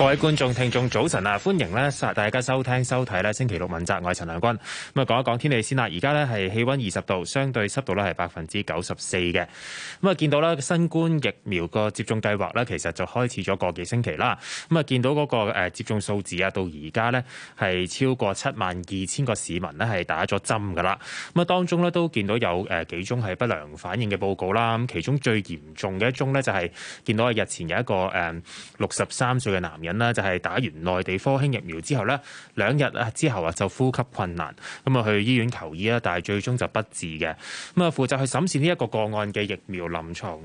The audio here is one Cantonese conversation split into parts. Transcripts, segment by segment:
各位觀眾、聽眾，早晨啊！歡迎咧，大大家收聽收睇呢星期六問責，我係陳亮君，咁啊，講一講天氣先啦。而家呢係氣溫二十度，相對濕度呢係百分之九十四嘅。咁啊，見到咧新冠疫苗個接種計劃呢其實就開始咗個幾星期啦。咁啊，見到嗰個接種數字啊，到而家呢係超過七萬二千個市民呢係打咗針㗎啦。咁啊，當中呢都見到有誒幾宗係不良反應嘅報告啦。咁其中最嚴重嘅一宗呢，就係見到啊，日前有一個誒六十三歲嘅男人。就係打完內地科興疫苗之後呢兩日啊之後啊就呼吸困難，咁啊去醫院求醫，但係最終就不治嘅。咁啊負責去審視呢一個個案嘅疫苗臨床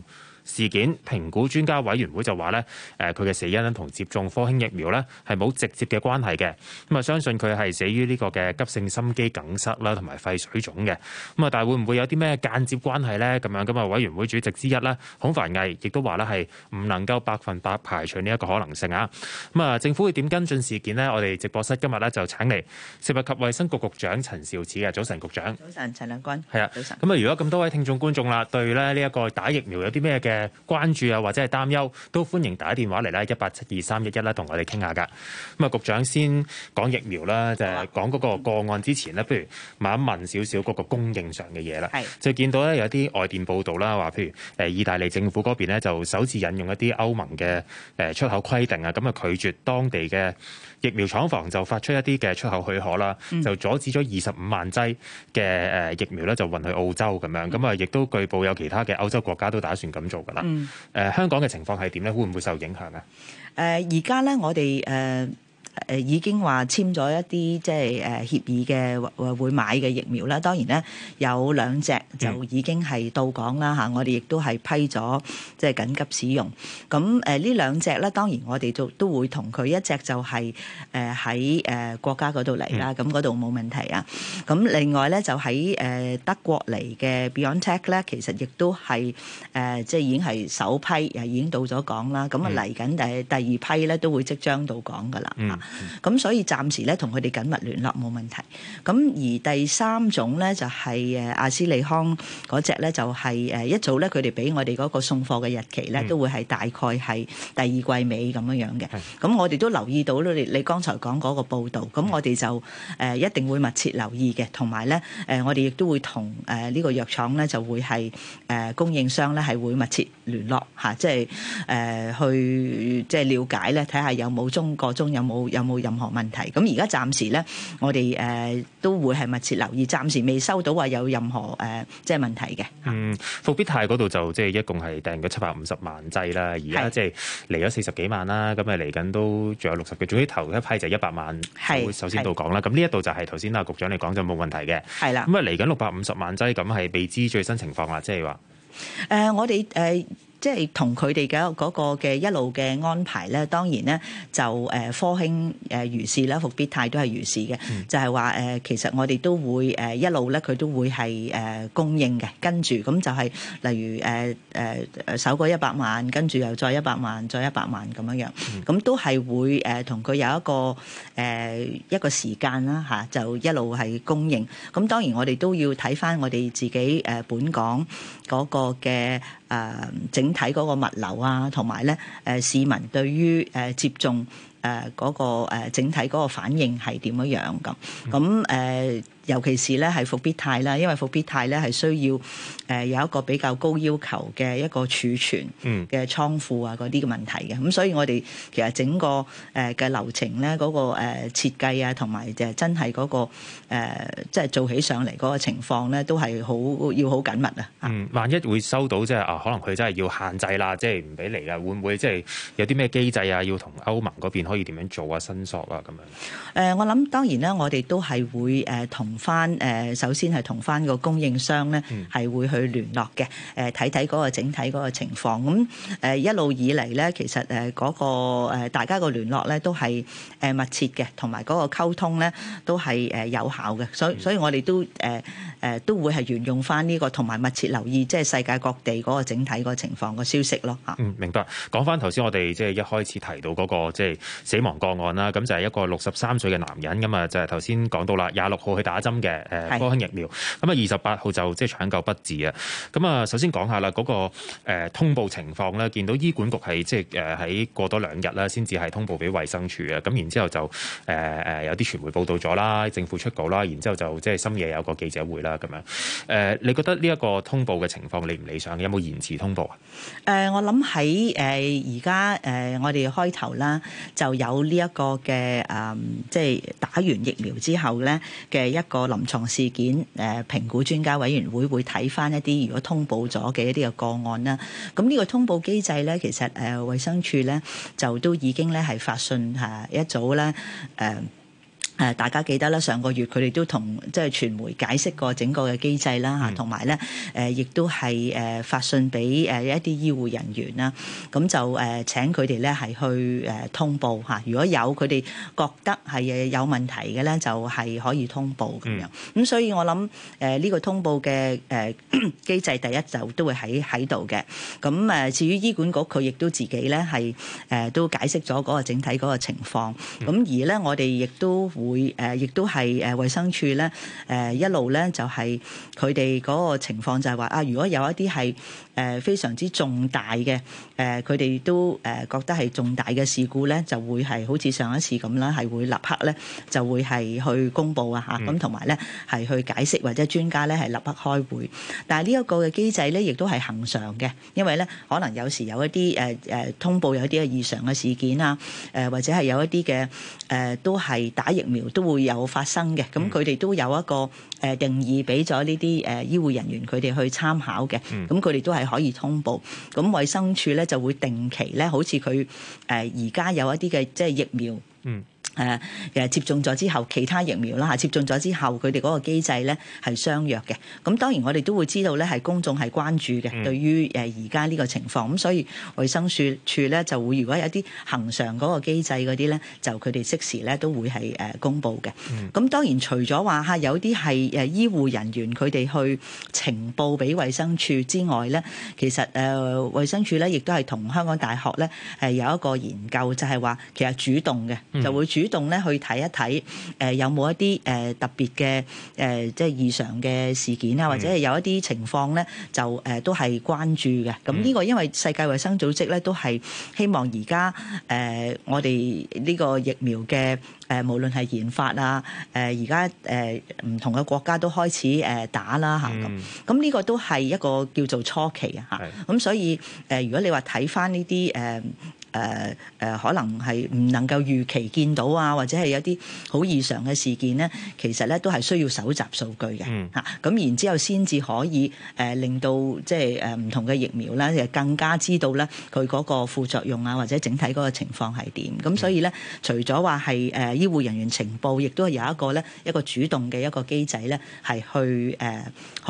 事件評估專家委員會就話咧，誒佢嘅死因咧同接種科興疫苗咧係冇直接嘅關係嘅，咁啊相信佢係死於呢個嘅急性心肌梗塞啦，同埋肺水腫嘅，咁啊但係會唔會有啲咩間接關係咧？咁樣，咁啊委員會主席之一啦，孔繁毅亦都話咧係唔能夠百分百排除呢一個可能性啊。咁啊政府會點跟進事件咧？我哋直播室今日咧就請嚟食物及衛生局局長陳肇始嘅，早晨，局長。早晨，陳亮君。係啊。早晨。咁啊，如果咁多位聽眾觀眾啦，對咧呢一個打疫苗有啲咩嘅？.誒，關注啊，或者係擔憂，都歡迎打電話嚟啦。一八七二三一一啦，同我哋傾下噶。咁啊，局長先講疫苗啦，就係講嗰個個案之前咧，不如問一問少少嗰個供應上嘅嘢啦。係，就見到咧有啲外電報道啦，話譬如誒意大利政府嗰邊咧，就首次引用一啲歐盟嘅誒出口規定啊，咁啊拒絕當地嘅疫苗廠房就發出一啲嘅出口許可啦，就阻止咗二十五萬劑嘅誒疫苗咧就運去澳洲咁樣。咁啊、嗯，亦都據報有其他嘅歐洲國家都打算咁做。啦，誒、嗯呃、香港嘅情況係點咧？會唔會受影響咧？誒而家咧，我哋誒。呃誒已經話簽咗一啲即係誒協議嘅會會買嘅疫苗啦。當然咧，有兩隻就已經係到港啦嚇，嗯、我哋亦都係批咗即係緊急使用。咁誒呢兩隻咧，當然我哋都都會同佢一隻就係誒喺誒國家嗰度嚟啦。咁嗰度冇問題啊。咁另外咧就喺誒、呃、德國嚟嘅 BioNTech 咧，其實亦都係誒、呃、即係已經係首批，誒已經到咗港啦。咁啊嚟緊第第二批咧都會即將到港噶啦。嗯啊咁所以暫時咧，同佢哋緊密聯絡冇問題。咁而第三種咧就係誒阿斯利康嗰隻咧，就係誒一早咧佢哋俾我哋嗰個送貨嘅日期咧，都會係大概係第二季尾咁樣樣嘅。咁我哋都留意到咧，你你剛才講嗰個報道。咁我哋就誒一定會密切留意嘅，同埋咧誒我哋亦都會同誒呢個藥廠咧，就會係誒供應商咧係會密切聯絡吓，即係誒去即係了解咧，睇下有冇中個中有冇。有冇任何問題？咁而家暫時咧，我哋誒、呃、都會係密切留意，暫時未收到話有任何誒、呃、即係問題嘅。嗯，復必泰嗰度就即係、就是、一共係訂咗七百五十萬劑啦，是60，而家即係嚟咗四十幾萬啦，咁咪嚟緊都仲有六十嘅。總之頭一批就一百萬，會是首先到港啦。咁呢一度就係頭先阿局長你講就冇問題嘅。係啦的，咁啊嚟緊六百五十萬劑，咁係未知最新情況啦，即係話誒，我哋誒。呃即係同佢哋嘅嗰個嘅一路嘅安排咧，當然咧就誒科興誒如是啦，復必泰都係如是嘅，嗯、就係話誒其實我哋都會誒一路咧佢都會係誒供應嘅，跟住咁就係、是、例如誒誒首個一百萬，跟住又再一百萬，再一百萬咁樣樣，咁、嗯、都係會誒同佢有一個誒一個時間啦嚇，就一路係供應。咁當然我哋都要睇翻我哋自己誒本港嗰個嘅。誒整體嗰個物流啊，同埋咧誒，市民對於誒接種誒嗰個誒整體嗰個反應係點樣樣咁咁誒。嗯。尤其是咧係伏必泰啦，因為伏必泰咧係需要誒有一個比較高要求嘅一個儲存嘅倉庫啊，嗰啲嘅問題嘅。咁、嗯、所以我哋其實整個誒嘅流程咧，嗰、嗰個誒設計啊，同埋誒真係嗰個誒即係做起上嚟嗰個情況咧，都係好要好緊密啊。嗯，萬一會收到即係啊，可能佢真係要限制啦，即係唔俾嚟啦，會唔會即係有啲咩機制啊，要同歐盟嗰邊可以點樣做啊，申索啊咁樣誒，我諗當然咧，我哋都係會誒同翻誒，首先係同翻個供應商咧，係會去聯絡嘅，誒睇睇嗰個整體嗰個情況。咁誒一路以嚟咧，其實誒嗰個誒大家個聯絡咧都係誒密切嘅，同埋嗰個溝通咧都係誒有效嘅。所所以，我哋都誒誒都會係沿用翻呢個，同埋密切留意即係世界各地嗰個整體個情況個消息咯嚇。嗯，明白。講翻頭先我哋即係一開始提到嗰個即係死亡個案啦，咁就係一個六十三歲嘅男人咁啊，就係頭先講到啦，廿六號去打針嘅誒科興疫苗，咁啊二十八號就即係搶救不治啊！咁啊首先講下啦，嗰、那個通報情況咧，見到醫管局係即係誒喺過多兩日啦，先至係通報俾衛生署啊。咁然之後就誒誒有啲傳媒報道咗啦，政府出稿啦，然之後就即係深夜有個記者會啦，咁樣誒，你覺得呢一個通報嘅情況理唔理想？有冇延遲通報啊？誒、呃，我諗喺誒而家誒我哋開頭啦，就有呢一個嘅誒，即係打完疫苗之後咧嘅一個臨床事件誒，評估專家委員會會睇翻一啲，如果通報咗嘅一啲嘅個案啦。咁呢個通報機制咧，其實誒，衛生署咧就都已經咧係發信吓，一早咧誒。誒，大家記得啦，上個月佢哋都同即係傳媒解釋過整個嘅機制啦嚇，同埋咧誒，亦都係誒發信俾誒一啲醫護人員啦，咁就誒請佢哋咧係去誒通報嚇，如果有佢哋覺得係誒有問題嘅咧，就係、是、可以通報咁、mm. 樣。咁所以我諗誒呢個通報嘅誒 機制第一就都會喺喺度嘅。咁誒至於醫管局佢亦都自己咧係誒都解釋咗嗰個整體嗰個情況。咁、mm. 而咧我哋亦都。會誒，亦、呃、都係誒，衞生署咧誒，一路咧就係佢哋嗰個情況就是說，就係話啊，如果有一啲係誒非常之重大嘅誒，佢、呃、哋都誒、呃、覺得係重大嘅事故咧，就會係好似上一次咁啦，係會立刻咧就會係去公佈啊嚇，咁同埋咧係去解釋或者是專家咧係立刻開會。但係呢一個嘅機制咧，亦都係恒常嘅，因為咧可能有時有一啲誒誒通報有一啲嘅異常嘅事件啊，誒、呃、或者係有一啲嘅誒都係打疫。都會有發生嘅，咁佢哋都有一個誒定義，俾咗呢啲誒醫護人員佢哋去參考嘅，咁佢哋都係可以通報。咁衛生署咧就會定期咧，好似佢誒而家有一啲嘅即係疫苗。誒誒、啊啊、接種咗之後，其他疫苗啦嚇、啊，接種咗之後佢哋嗰個機制咧係相若嘅。咁當然我哋都會知道咧，係公眾係關注嘅。嗯、對於誒而家呢個情況，咁所以衞生署署咧就會如果有啲恒常嗰個機制嗰啲咧，就佢哋即時咧都會係誒公佈嘅。咁、嗯、當然除咗話嚇有啲係誒醫護人員佢哋去呈報俾衞生署之外咧，其實誒、呃、衞生署咧亦都係同香港大學咧係、啊、有一個研究就是說，就係話其實主動嘅就會主。嗯主動咧去睇一睇，誒有冇一啲誒特別嘅誒即係異常嘅事件啊，或者係有一啲情況咧，就誒、呃、都係關注嘅。咁呢個因為世界衛生組織咧都係希望而家誒我哋呢個疫苗嘅誒、呃、無論係研發啊，誒而家誒唔同嘅國家都開始誒打啦吓。咁咁呢個都係一個叫做初期的啊吓。咁所以誒、呃、如果你話睇翻呢啲誒。呃誒誒、呃呃，可能係唔能夠預期見到啊，或者係有啲好異常嘅事件咧，其實咧都係需要搜集數據嘅嚇。咁、嗯、然之後先至可以誒、呃、令到即係誒唔同嘅疫苗咧，更加知道咧佢嗰個副作用啊，或者整體嗰個情況係點。咁、嗯、所以咧，除咗話係誒醫護人員情報，亦都係有一個咧一個主動嘅一個機制咧，係、呃、去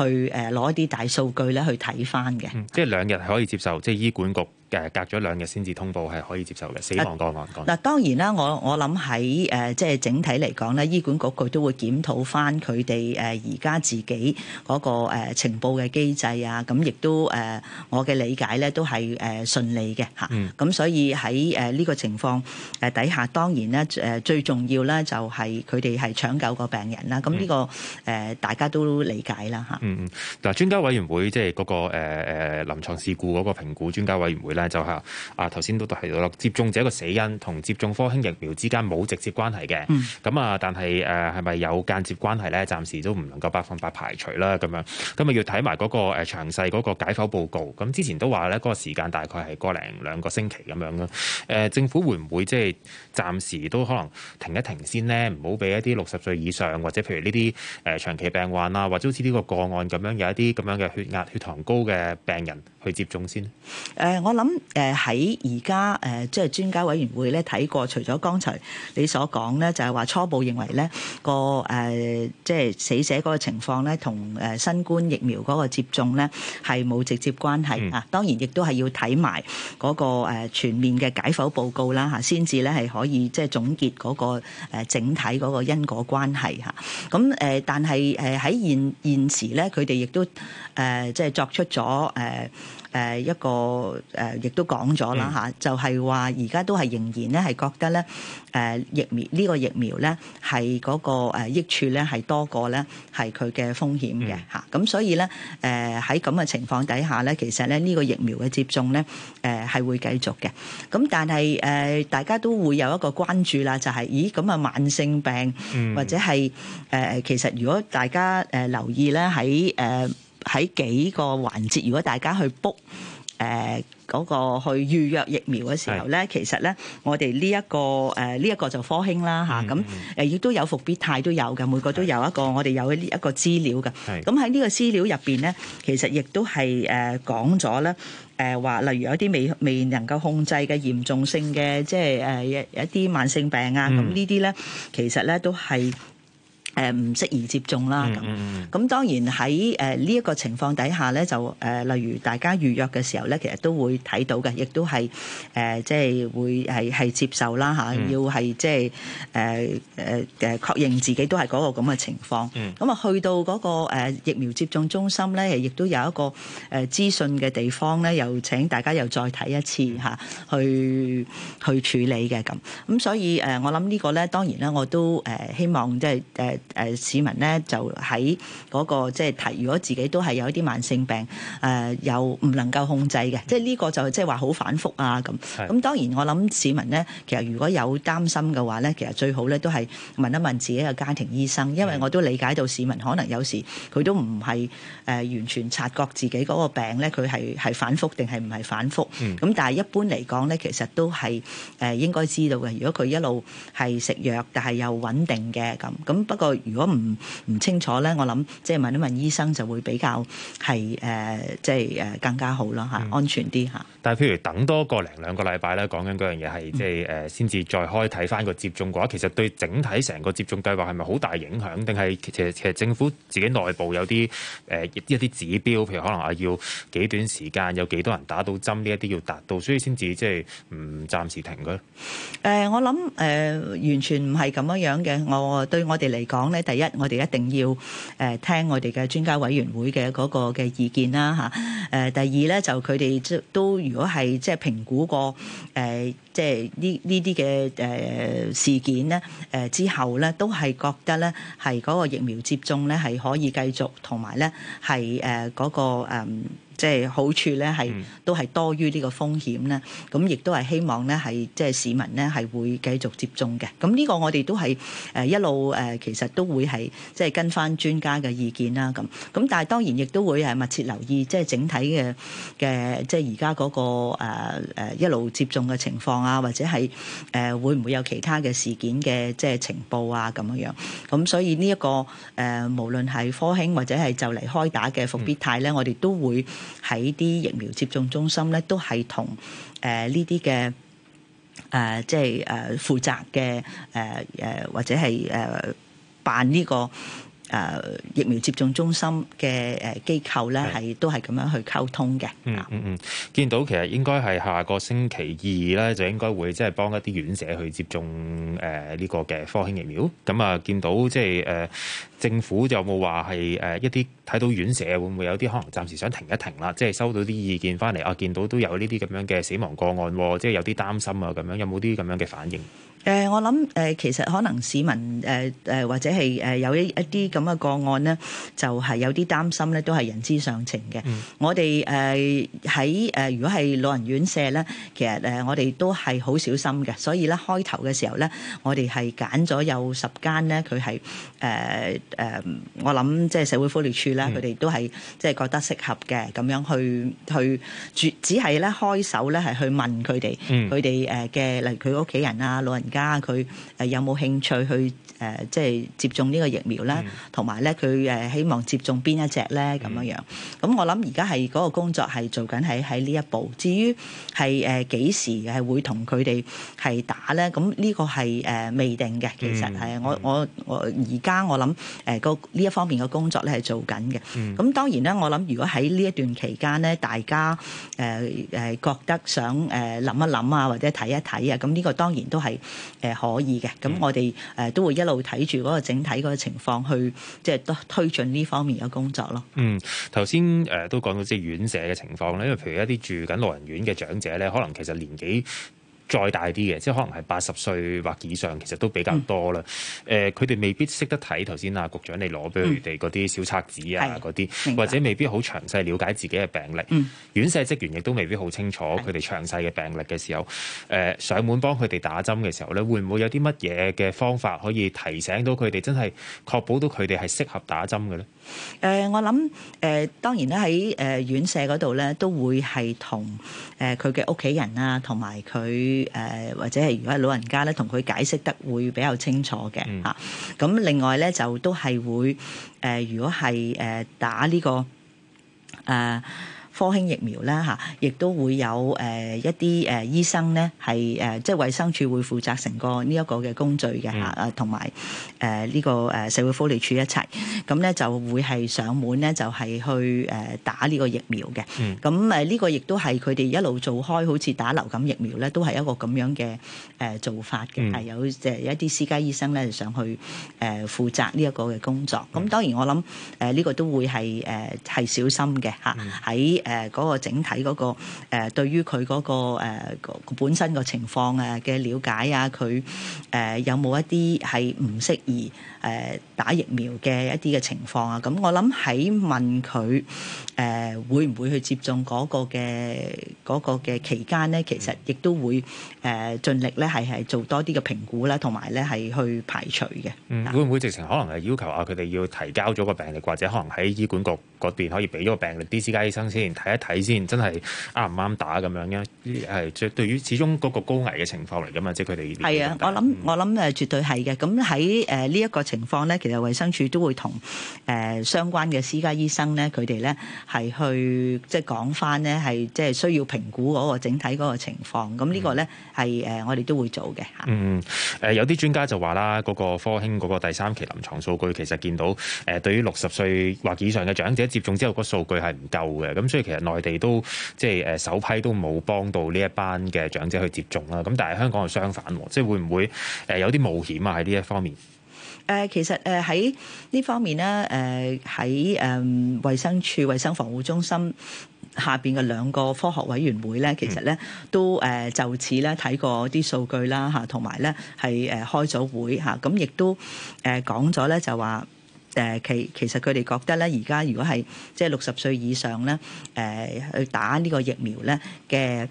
誒去誒攞一啲大數據咧去睇返嘅。即係兩日係可以接受，即係醫管局。誒隔咗兩日先至通報係可以接受嘅死亡個案。嗱，當然啦，我我諗喺誒即係整體嚟講咧，醫管局佢都會檢討翻佢哋誒而家自己嗰個情報嘅機制啊。咁亦都誒，我嘅理解咧都係誒順利嘅嚇。咁所以喺誒呢個情況誒底下，當然咧誒最重要咧就係佢哋係搶救個病人啦。咁呢個誒大家都理解啦嚇、嗯。嗯嗯。嗱專家委員會即係嗰個誒誒臨床事故嗰個評估專家委員會。咧就係、是、啊，頭先都提到啦，接種者個死因同接種科興疫苗之間冇直接關係嘅。咁啊、嗯，但係誒係咪有間接關係咧？暫時都唔能夠百分百排除啦。咁樣咁啊，要睇埋嗰個誒、呃、詳細嗰個解剖報告。咁之前都話咧，嗰、那個時間大概係個零兩個星期咁樣咯。誒、呃，政府會唔會即係暫時都可能停一停先呢？唔好俾一啲六十歲以上或者譬如呢啲誒長期病患啊，或者好似呢個個案咁樣有一啲咁樣嘅血壓、血糖高嘅病人去接種先？誒、呃，我諗。咁誒喺而家誒，即係專家委員會咧睇過，除咗剛才你所講咧，就係、是、話初步認為咧個誒、呃，即係死者嗰個情況咧，同誒新冠疫苗嗰個接種咧係冇直接關係啊。嗯、當然亦都係要睇埋嗰個全面嘅解剖報告啦，吓先至咧係可以即係總結嗰個整體嗰個因果關係吓，咁誒，但係誒喺現現時咧，佢哋亦都誒、呃、即係作出咗誒。呃誒一個誒，亦都講咗啦嚇，就係話而家都係仍然咧，係覺得咧誒疫苗呢個疫苗咧，係嗰個誒益處咧，係多過咧係佢嘅風險嘅嚇。咁所以咧誒喺咁嘅情況底下咧，其實咧呢個疫苗嘅接種咧誒係會繼續嘅。咁但係誒大家都會有一個關注啦，就係咦咁啊慢性病或者係誒其實如果大家誒留意咧喺誒。喺幾個環節，如果大家去 book 誒嗰個去預約疫苗嘅時候咧，其實咧，我哋呢一個誒呢一個就科興啦嚇，咁誒亦都有復必泰都有嘅，每個都有一個我哋有呢一個資料嘅。咁喺呢個資料入邊咧，其實亦都係誒講咗咧誒話，例如有啲未未能夠控制嘅嚴重性嘅，即係誒一啲慢性病啊，咁呢啲咧其實咧都係。誒唔適宜接種啦，咁咁當然喺誒呢一個情況底下咧，就誒例如大家預約嘅時候咧，其實都會睇到嘅，亦都係誒即係會係係接受啦嚇，要係即係誒誒誒確認自己都係嗰個咁嘅情況。咁啊，去到嗰個誒疫苗接種中心咧，亦都有一個誒資訊嘅地方咧，又請大家又再睇一次嚇，去去處理嘅咁。咁所以誒，我諗呢個咧，當然呢，我都誒希望即係誒市民咧就喺嗰個即係提，如果自己都係有一啲慢性病，誒、呃、又唔能夠控制嘅，即係呢個就即係話好反覆啊咁。咁是當然我諗市民咧，其實如果有擔心嘅話咧，其實最好咧都係問一問自己嘅家庭醫生，因為我都理解到市民可能有時佢都唔係誒完全察覺自己嗰個病咧，佢係係反覆定係唔係反覆。咁、嗯、但係一般嚟講咧，其實都係誒應該知道嘅。如果佢一路係食藥，但係又穩定嘅咁，咁不過。如果唔唔清楚咧，我諗即係問一問醫生就會比較係誒、呃，即係誒更加好啦嚇，安全啲嚇、嗯。但係譬如等多個零兩個禮拜咧，講緊嗰樣嘢係即係誒，先至、嗯、再開睇返個接種嘅話，其實對整體成個接種計劃係咪好大影響？定係其實其實政府自己內部有啲誒一啲、呃、指標，譬如可能啊要幾短時間有幾多人打到針呢一啲要達到，所以先至即係唔暫時停佢。誒、呃，我諗誒、呃、完全唔係咁樣樣嘅，我對我哋嚟講。講咧，第一我哋一定要誒聽我哋嘅專家委員會嘅嗰個嘅意見啦吓。誒，第二咧就佢哋都如果係即係評估過誒，即係呢呢啲嘅誒事件咧，誒、呃、之後咧都係覺得咧係嗰個疫苗接種咧係可以繼續，同埋咧係誒嗰個誒。嗯即係好處咧，係都係多於呢個風險咧。咁亦都係希望咧，係即係市民咧係會繼續接種嘅。咁呢個我哋都係誒、呃、一路誒、呃，其實都會係即係跟翻專家嘅意見啦。咁咁但係當然亦都會係密切留意，即係整體嘅嘅即係而家嗰個誒、呃、一路接種嘅情況啊，或者係誒、呃、會唔會有其他嘅事件嘅即係情報啊咁樣樣。咁所以呢、這、一個誒、呃，無論係科興或者係就嚟開打嘅復必泰咧，嗯、我哋都會，喺啲疫苗接種中心咧，都係同誒呢啲嘅誒，即係誒、呃、負責嘅誒誒，或者係誒、呃、辦呢個。誒、呃、疫苗接種中心嘅誒機構咧，係是都係咁樣去溝通嘅、嗯。嗯嗯嗯，看見到其實應該係下個星期二咧，就應該會即係幫一啲院舍去接種誒呢、呃這個嘅科興疫苗。咁、嗯、啊，看見到即係誒、呃、政府就冇話係誒一啲睇到院舍會唔會有啲可能暫時想停一停啦？即係收到啲意見翻嚟啊，見到都有呢啲咁樣嘅死亡個案，哦、即係有啲擔心啊咁樣，有冇啲咁樣嘅反應？誒、呃，我諗誒、呃，其實可能市民誒誒、呃，或者係誒有一一啲咁嘅個案咧，就係、是、有啲擔心咧，都係人之常情嘅。嗯、我哋誒喺誒，如果係老人院舍咧，其實誒、呃、我哋都係好小心嘅，所以咧開頭嘅時候咧，我哋係揀咗有十間咧，佢係誒誒，我諗即係社會福利署咧，佢哋、嗯、都係即係覺得適合嘅，咁樣去去只只係咧開手咧係去問佢哋，佢哋誒嘅例如佢屋企人啊老人，家人。家佢誒有冇興趣去誒、呃、即係接種呢個疫苗咧？同埋咧佢誒希望接種邊一隻咧？咁、mm. 樣樣咁我諗而家係嗰個工作係做緊喺喺呢一步。至於係誒幾時係會同佢哋係打咧？咁呢個係誒、呃、未定嘅。其實誒、mm. 呃、我我現在我而家我諗誒個呢一方面嘅工作咧係做緊嘅。咁、mm. 當然咧，我諗如果喺呢一段期間咧，大家誒誒、呃呃、覺得想誒諗一諗啊，或者睇一睇啊，咁呢個當然都係。誒、呃、可以嘅，咁我哋、呃、都會一路睇住嗰個整體嗰個情況去，即係都推進呢方面嘅工作咯。嗯，頭先、呃、都講到即係院舍嘅情況咧，因為譬如一啲住緊老人院嘅長者咧，可能其實年紀。再大啲嘅，即係可能係八十歲或以上，其實都比較多啦。佢哋、嗯呃、未必識得睇頭先啊，局長你攞，俾佢哋嗰啲小冊子啊，嗰啲，或者未必好詳細了解自己嘅病歷。嗯、院舍職員亦都未必好清楚佢哋詳細嘅病歷嘅時候的、呃，上門幫佢哋打針嘅時候咧，會唔會有啲乜嘢嘅方法可以提醒到佢哋，真係確保到佢哋係適合打針嘅咧？誒、呃，我諗誒、呃，當然咧，喺誒院舍嗰度咧，都會係同誒佢嘅屋企人啊，同埋佢誒或者係如果係老人家咧，同佢解釋得會比較清楚嘅吓。咁、嗯啊、另外咧就都係會誒、呃，如果係誒打呢、個誒。呃科興疫苗呢，亦都會有一啲醫生咧係即係衛生署會負責成個呢一個嘅工序嘅，同埋呢個誒社會福利處一齊，咁咧就會係上門咧就係去打呢個疫苗嘅。咁呢、嗯、個亦都係佢哋一路做開，好似打流感疫苗咧，都係一個咁樣嘅做法嘅，係、嗯、有即係一啲私家醫生咧上去誒負責呢一個嘅工作。咁、嗯、當然我諗呢個都會係誒係小心嘅喺。誒嗰個整體嗰個誒對於佢嗰個本身嘅情況誒嘅了解啊，佢誒有冇一啲係唔適宜誒打疫苗嘅一啲嘅情況啊？咁我諗喺問佢誒會唔會去接種嗰個嘅嗰個嘅期間咧，其實亦都會誒盡力咧係係做多啲嘅評估啦，同埋咧係去排除嘅。嗯，會唔會直情可能係要求啊佢哋要提交咗個病歷，或者可能喺醫管局嗰邊可以俾咗個病歷啲私家醫生先？睇一睇先，真係啱唔啱打咁樣嘅？呢係即係對於始終嗰個高危嘅情況嚟噶嘛？即係佢哋係啊！我諗我諗誒，絕對係嘅。咁喺誒呢一個情況咧，其實衞生署都會同誒、呃、相關嘅私家醫生咧，佢哋咧係去即係講返咧係即係需要評估嗰個整體嗰個情況。咁呢個咧係誒我哋都會做嘅嚇。嗯誒，有啲專家就話啦，嗰個科興嗰個第三期臨床數據其實見到誒、呃，對於六十歲或以上嘅長者接種之後，個數據係唔夠嘅。咁所以其實內地都即係誒首批都冇幫到呢一班嘅長者去接種啦，咁但係香港係相反，即係會唔會誒有啲冒險啊喺呢一方面？誒其實誒喺呢方面咧，誒喺誒衛生署衞生防護中心下邊嘅兩個科學委員會咧，其實咧都誒就此咧睇過啲數據啦嚇，同埋咧係誒開咗會嚇，咁亦都誒講咗咧就話。誒其其實佢哋覺得咧，而家如果係即係六十歲以上咧，誒、呃、去打呢個疫苗咧嘅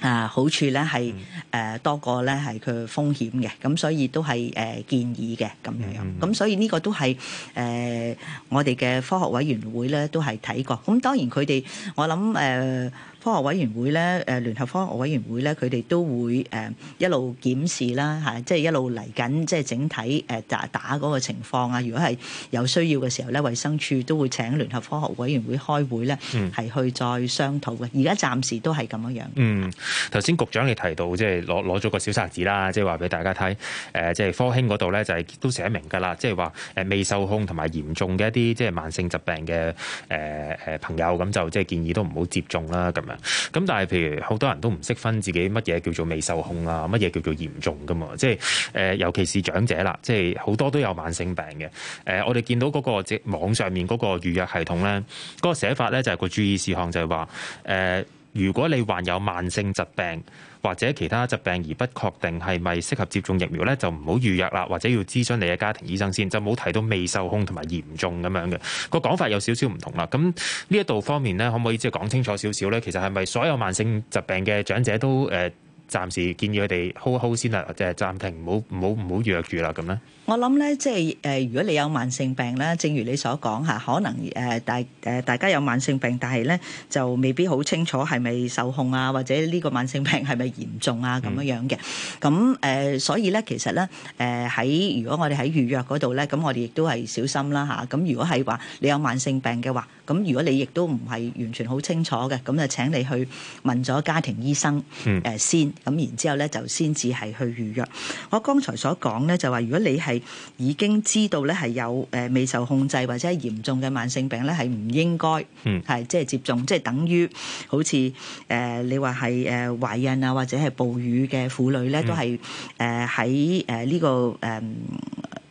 啊好處咧係誒多過咧係佢風險嘅，咁所以都係誒、呃、建議嘅咁樣，咁、mm hmm. 所以呢個都係誒、呃、我哋嘅科學委員會咧都係睇過，咁當然佢哋我諗誒。呃科學委員會咧，誒聯合科學委員會咧，佢哋都會誒一路檢視啦，嚇，即係一路嚟緊，即係整體誒打打嗰個情況啊。如果係有需要嘅時候咧，衞生署都會請聯合科學委員會開會咧，係去再商討嘅。而家暫時都係咁樣樣。嗯，頭、嗯、先局長你提到即係攞攞咗個小冊子啦，即係話俾大家睇，誒即係科興嗰度咧就係都寫明㗎啦，即係話誒未受控同埋嚴重嘅一啲即係慢性疾病嘅誒誒朋友，咁、呃呃、就即係建議都唔好接種啦，咁樣。咁但係，譬如好多人都唔識分自己乜嘢叫做未受控啊，乜嘢叫做嚴重㗎嘛，即係、呃、尤其是長者啦，即係好多都有慢性病嘅、呃。我哋見到嗰個即網上面嗰個預約系統咧，嗰、嗰個寫法咧就係個注意事項，就係、係、話、呃如果你患有慢性疾病或者其他疾病而不確定係咪適合接種疫苗咧，就唔好預約啦，或者要諮詢你嘅家庭醫生先，就冇提到未受控同埋嚴重咁樣嘅、個講法有少少唔同啦。咁呢一度方面咧，可唔可以即係講清楚少少咧？其實係咪所有慢性疾病嘅長者都誒、呃、暫時建議佢哋 hold hold 先啦，即係暫停，唔好唔好唔好預約住啦咁咧？我諗咧，即係誒、呃，如果你有慢性病咧，正如你所講吓，可能誒、呃、大誒、呃、大家有慢性病，但係咧就未必好清楚係咪受控啊，或者呢個慢性病係咪嚴重啊咁樣樣嘅。咁誒、呃，所以咧其實咧，誒、呃、喺如果我哋喺預約嗰度咧，咁我哋亦都係小心啦吓。咁、啊、如果係話你有慢性病嘅話，咁如果你亦都唔係完全好清楚嘅，咁就請你去問咗家庭醫生誒、呃、先，咁然之後咧就先至係去預約。我剛才所講咧就話，如果你係已經知道咧係有誒未受控制或者係嚴重嘅慢性病咧係唔應該，係即係接種，嗯、即係等於好似誒、呃、你話係誒懷孕啊或者係哺乳嘅婦女咧，嗯、都係誒喺誒呢個誒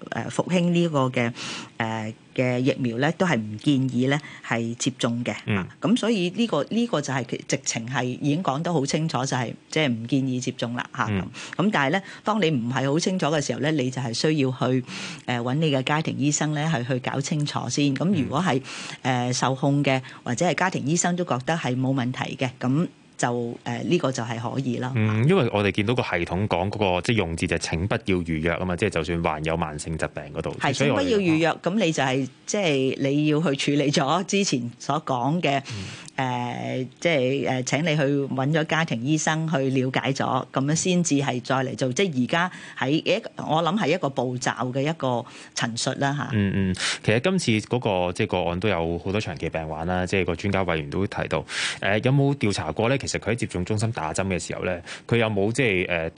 誒復興呢個嘅誒。呃嘅疫苗咧，都係唔建議咧係接種嘅。咁、嗯啊、所以呢、呢個呢、呢個就係直情係已經講得好清楚，就係即係唔建議接種啦。嚇咁咁，但係咧，當你唔係好清楚嘅時候咧，你就係需要去誒搵、呃、你嘅家庭醫生咧，係去搞清楚先。咁、啊、如果係誒、呃、受控嘅，或者係家庭醫生都覺得係冇問題嘅，咁、啊。就誒呢、呃這個，就係可以啦。嗯，因為我哋見到個系統講嗰、那個即係、就是、用字就係請不要預約啊嘛，即、就、係、是、就算患有慢性疾病嗰度，係是請不要預約，咁、哦、你就係即係你要去處理咗之前所講嘅。嗯誒，即係誒，請你去揾咗家庭醫生去了解咗，咁樣先至係再嚟做。即係而家喺一，我諗係一個步驟嘅一個陳述啦，嚇。嗯嗯，其實今次嗰個即係個案都有好多長期病患啦，即係個專家委員都提到誒，有冇調查過咧？其實佢喺接種中心打針嘅時候咧，佢有冇即係誒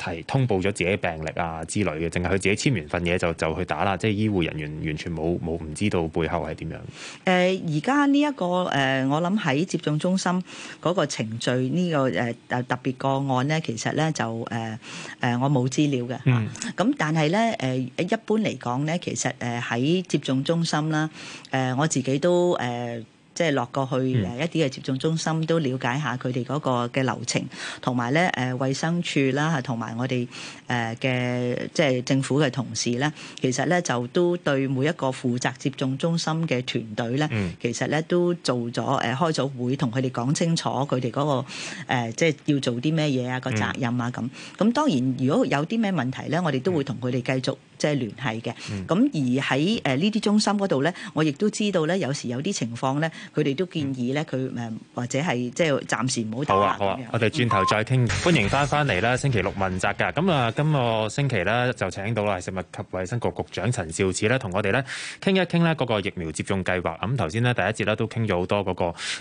誒提通報咗自己嘅病歷啊之類嘅？淨係佢自己簽完份嘢就就去打啦。即係醫護人員完全冇冇唔知道背後係點樣？誒，而家呢一個誒，我諗喺接種中心嗰個程序呢、呢個誒誒特別個案咧，其實咧就誒誒、呃呃、我冇資料嘅嗯。咁、嗯、但係咧誒一般嚟講咧，其實誒喺接種中心啦，誒、呃、我自己都誒。呃即係落過去誒一啲嘅接種中心，都了解下佢哋嗰個嘅流程，同埋咧誒衛生處啦，同埋我哋誒嘅即係政府嘅同事咧，其實咧就都對每一個負責接種中心嘅團隊咧，其實咧都做咗誒開咗會，同佢哋講清楚佢哋嗰個誒即係要做啲咩嘢啊，個責任啊咁。咁當然如果有啲咩問題咧，我哋都會同佢哋繼續。即係聯繫嘅，咁、嗯、而喺呢啲中心嗰度咧，我亦都知道咧，有時有啲情況咧，佢哋都建議咧，佢、嗯、或者係即係暫時唔好打。好啊，好啊，我哋轉頭再傾，歡迎翻翻嚟啦， 星期六問責㗎。咁啊，今個星期咧就請到啦食物及衛生局局長陳肇始咧，同我哋咧傾一傾咧嗰個疫苗接種計劃。咁頭先咧第一節咧都傾咗好多嗰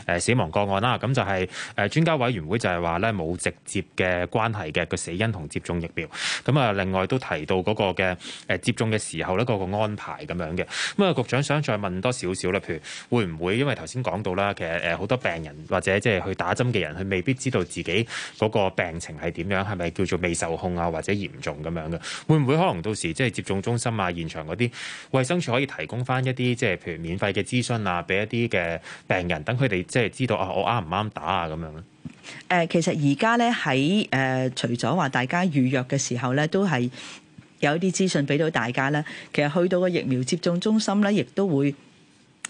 個死亡個案啦。咁就係、是、誒專家委員會就係話咧冇直接嘅關係嘅個死因同接種疫苗。咁啊，另外都提到嗰、那個嘅。誒接種嘅時候咧，個個安排咁樣嘅。咁啊，局長想再問多少少啦。譬如會唔會因為頭先講到啦，其實誒好多病人或者即係去打針嘅人，佢未必知道自己嗰個病情係點樣，係咪叫做未受控啊，或者嚴重咁樣嘅？會唔會可能到時即係接種中心啊、現場嗰啲衞生署可以提供翻一啲即係譬如免費嘅諮詢啊，俾一啲嘅病人等佢哋即係知道啊，我啱唔啱打啊咁樣咧？誒，其實而家咧喺誒，除咗話大家預約嘅時候咧，都係。有一啲資訊俾到大家啦，其實去到個疫苗接種中心呢，亦都會。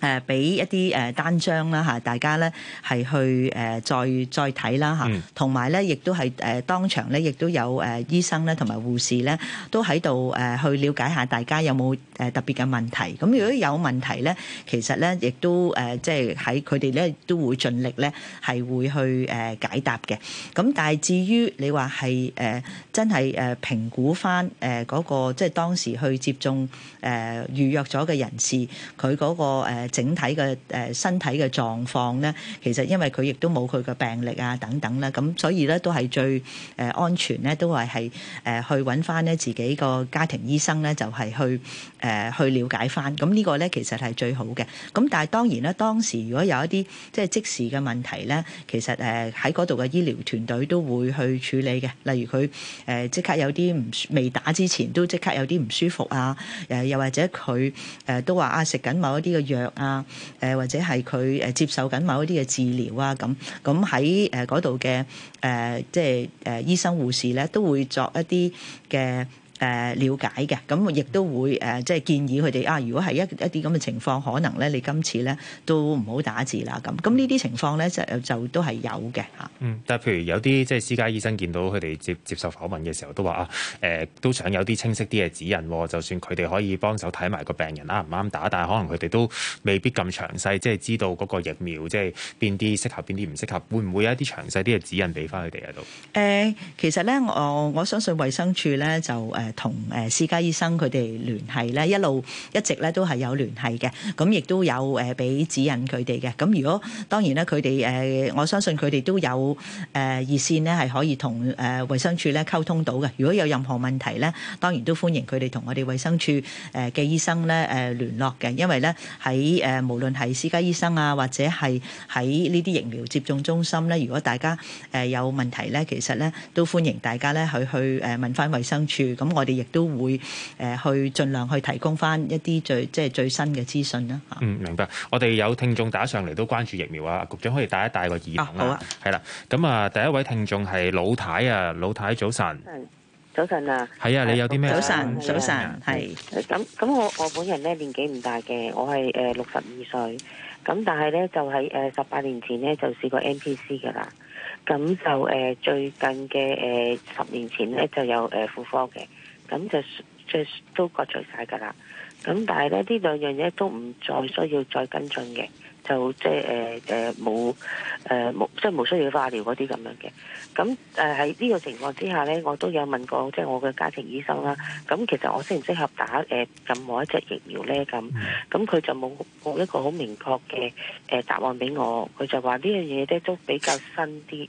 誒俾一啲誒單張啦嚇，大家咧係去誒再再睇啦嚇，同埋咧亦都係誒當場咧亦都有誒醫生咧同埋護士咧都喺度誒去了解下大家有冇誒特別嘅問題。咁如果有問題咧，其實咧亦都誒即係喺佢哋咧都會盡力咧係會去誒解答嘅。咁但係至於你話係誒真係誒評估翻誒嗰個即係、就是、當時去接種誒預約咗嘅人士，佢嗰個誒整體嘅誒、呃、身體嘅狀況咧，其實因為佢亦都冇佢嘅病歷啊等等啦。咁所以咧都係最誒、呃、安全咧，都係係誒去揾翻咧自己個家庭醫生咧，就係、係、去誒、呃、去瞭解翻。咁呢個咧其實係最好嘅。咁但係當然啦，當時如果有一啲即係即時嘅問題咧，其實誒喺嗰度嘅醫療團隊都會去處理嘅。例如佢誒、呃、即刻有啲唔未打之前都即刻有啲唔舒服啊，誒、呃、又或者佢誒、呃、都話啊食緊某一啲嘅藥。啊，誒或者係佢誒接受緊某一啲嘅治療啊，咁咁喺誒嗰度嘅誒，即係誒醫生護士咧，都會作一啲嘅。誒、呃、了解嘅，咁亦都會誒，即係建議佢哋啊。如果係一一啲咁嘅情況，可能咧，你今次咧都唔好打字啦。咁咁呢啲情況咧，就就都係有嘅嚇。嗯，但係譬如有啲即係私家醫生見到佢哋接接受訪問嘅時候都，都話啊誒，都想有啲清晰啲嘅指引。就算佢哋可以幫手睇埋個病人啱唔啱打，但係可能佢哋都未必咁詳細，即係知道嗰個疫苗即係邊啲適合，邊啲唔適合。會唔會有一啲詳細啲嘅指引俾翻佢哋喺度？誒、呃，其實咧，我我相信衛生署咧就誒。呃同誒私家醫生佢哋聯繫咧，一路一直咧都係有聯繫嘅，咁亦都有誒俾指引佢哋嘅。咁如果當然咧，佢哋誒我相信佢哋都有誒熱線咧，係可以同誒衛生署咧溝通到嘅。如果有任何問題咧，當然都歡迎佢哋同我哋衛生署誒嘅醫生咧誒聯絡嘅，因為咧喺誒無論係私家醫生啊，或者係喺呢啲疫苗接種中心咧，如果大家誒有問題咧，其實咧都歡迎大家咧去去誒問翻衛生署咁。我哋亦都會誒去盡量去提供翻一啲最即係最新嘅資訊啦嚇。嗯，明白。我哋有聽眾打上嚟都關注疫苗啊，局長可以帶一帶個耳筒啊。好啊，係啦。咁啊，第一位聽眾係老太啊，老太早晨。早晨啊。係啊，你有啲咩？早晨，早晨，係。咁咁，我我本人咧年紀唔大嘅，我係誒六十二歲。咁但係咧就係誒十八年前咧就試過 NPC 噶啦。咁就誒最近嘅誒十年前咧就有誒婦科嘅。咁就即係都割除晒㗎啦。咁但係咧，呢兩樣嘢都唔再需要再跟進嘅，就、呃呃呃呃、即係誒誒冇誒冇即係冇需要化療嗰啲咁樣嘅。咁誒喺呢個情況之下咧，我都有問過即係、就是、我嘅家庭醫生啦。咁其實我適唔適合打誒、呃、任何一隻疫苗咧？咁咁佢就冇冇一個好明確嘅誒答案俾我。佢就話呢樣嘢咧都比較新啲。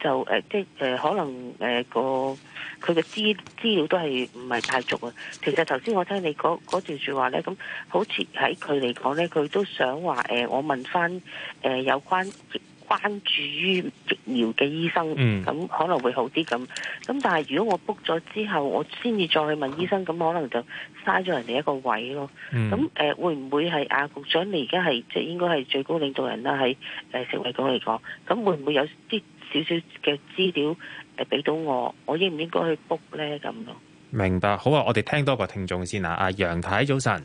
就誒、呃，即係誒、呃，可能誒、呃、個佢嘅資資料都係唔係太足啊。其實頭先我聽你講嗰段説話咧，咁好似喺佢嚟講咧，佢都想話誒、呃，我問翻誒、呃、有關關注於疫苗嘅醫生，咁可能會好啲咁。咁但係如果我 book 咗之後，我先至再去問醫生，咁可能就嘥咗人哋一個位咯。咁誒會唔會係啊？局長你，你而家係即係應該係最高領導人啦，喺誒食衞局嚟講，咁會唔會有啲？少少嘅資料誒俾到我，我應唔應該去 book 咧咁咯？明白，好啊！我哋聽多個聽眾先啊！阿楊太，早晨，